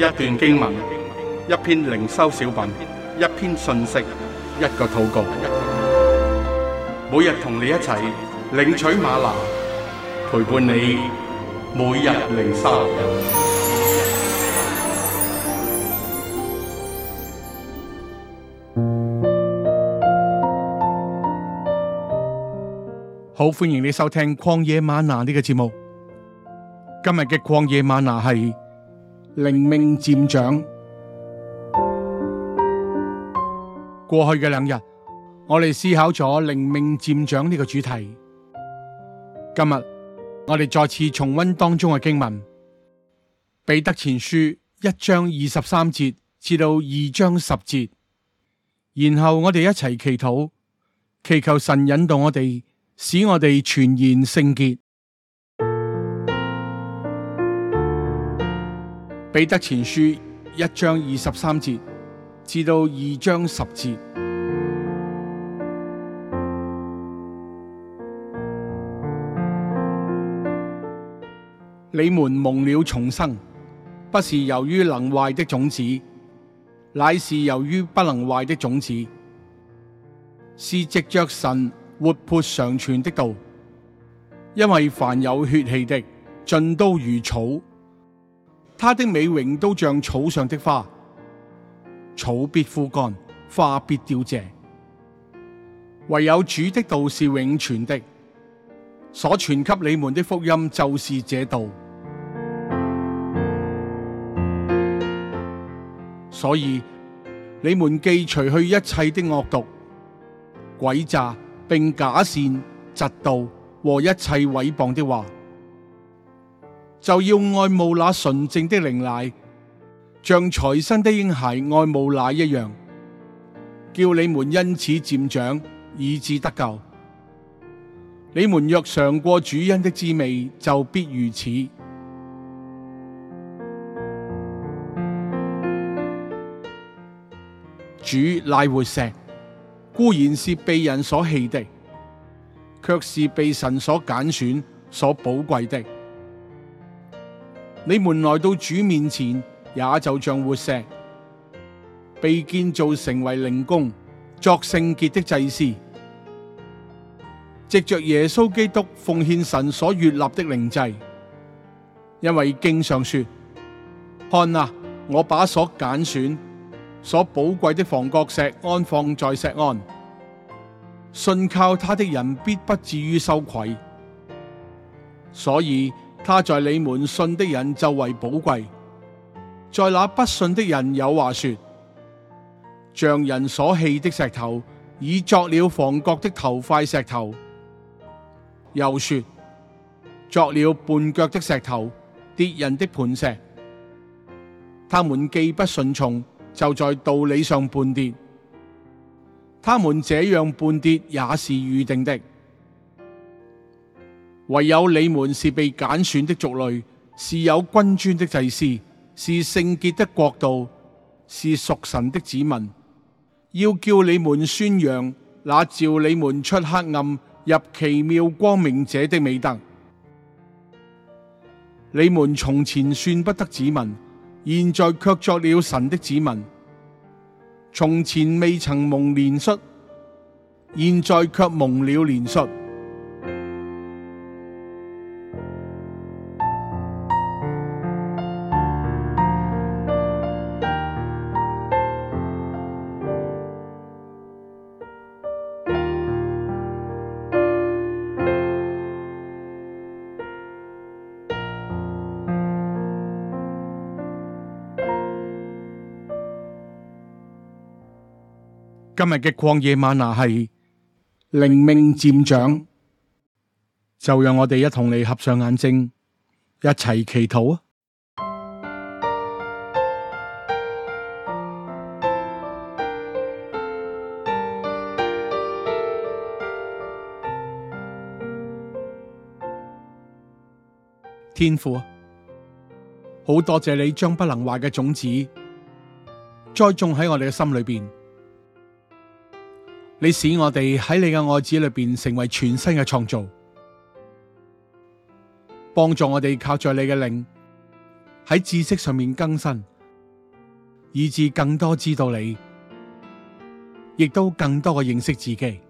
一段經文，一篇靈修小品，一篇信息，一個禱告。每日同你一齊領取嗎哪，陪伴你每日靈修。好，歡迎你收聽《曠野嗎哪》呢、這個節目。今日嘅《曠野嗎哪》係。靈命漸長。過去嘅兩日，我哋思考咗靈命漸長呢個主題。今日我哋再次重溫當中嘅經文，彼得前書一章二十三節至到二章十節。然後我哋一齊祈禱，祈求神引導我哋，使我哋全然聖潔。彼得前書一章二十三節至到二章十節， 你們蒙了重生，不是由於能壞的種子，乃是由於不能壞的種子，是藉着神活潑常存的道。因為凡有血氣的，盡都如草。他的美榮都像草上的花，草必枯乾，花必凋謝。唯有主的道是永存的，所傳給你們的福音就是這道。所以你們既除去一切的惡毒、詭詐，並假善、嫉妒和一切毀謗的話。就要愛慕那純淨的靈奶，像才生的嬰孩愛慕奶一樣，叫你們因此漸長，以致得救。你們若嘗過主恩的滋味，就必如此。主乃活石，固然是被人所棄的，卻是被神所揀選、所寶貴的。你們來到主面前，也就像活石，被建造成為靈宮，作聖潔的祭司，藉着耶穌基督奉獻神所悅納的靈祭。因為經上說：看啊，我把所揀選、所寶貴的房角石安放在錫安，信靠他的人必不至於羞愧。所以。他在你們信的人就為寶貴，在那不信的人有話說：匠人所棄的石頭，已作了房角的頭塊石頭；又說，作了絆腳的石頭，跌人的磐石。他們既不順從，就在道理上絆跌。他們這樣絆跌也是預定的。唯有你們是被揀選的族類，是有君尊的祭司，是聖潔的國度，是屬神的子民。要叫你們宣揚那召你們出黑暗入奇妙光明者的美德。你們從前算不得子民，現在卻作了神的子民。從前未曾蒙憐恤，現在卻蒙了憐恤。今日嘅曠野嗎哪係靈命漸長，就讓我哋一同你合上眼睛，一齊祈禱啊！天父啊，好多謝你將不能壞嘅種子栽種喺我哋嘅心裏邊。你使我哋喺你嘅愛子裏邊成為全新嘅創造，幫助我哋靠在你嘅靈喺知識上面更新，以致更多知道你，亦都更多嘅認識自己。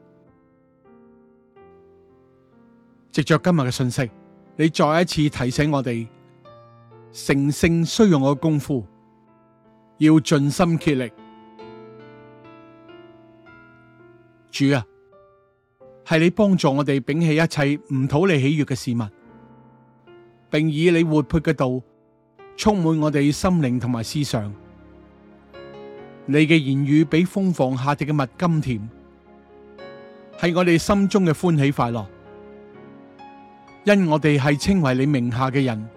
藉著今日嘅信息，你再一次提醒我哋，成聖需要用嘅功夫要盡心竭力。主啊，係你幫助我哋摒棄一切唔討你喜悦嘅事物，並以你活潑嘅道充滿我哋心靈同埋思想。你嘅言語比蜂房下滴嘅蜜甘甜，係我哋心中嘅歡喜快樂。因我哋係稱為你名下嘅人，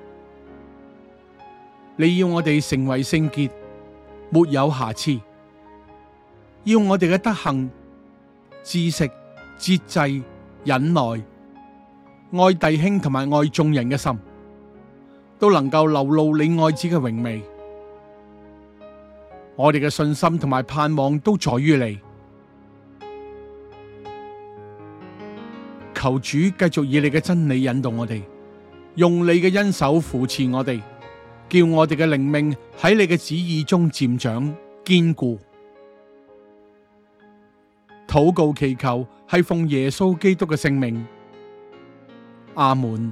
你要我哋成為聖潔，沒有瑕疵，要我哋嘅德行。知識、節制、忍耐、愛弟兄同埋愛眾人嘅心，都能夠流露你愛子嘅榮美。我哋嘅信心同埋盼望都在於你。求主繼續以你嘅真理引導我哋，用你嘅恩手扶持我哋，叫我哋嘅靈命喺你嘅旨意中漸長堅固。禱告祈求係奉耶穌基督嘅聖名，阿門。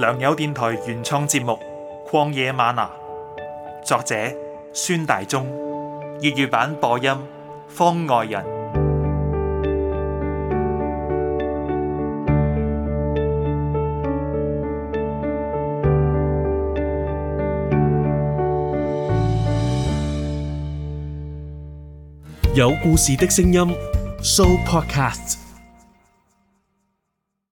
良友電台原創節目《曠野嗎哪》，作者孫大中，粵語版播音方外人，有故事的聲音，Show Podcast。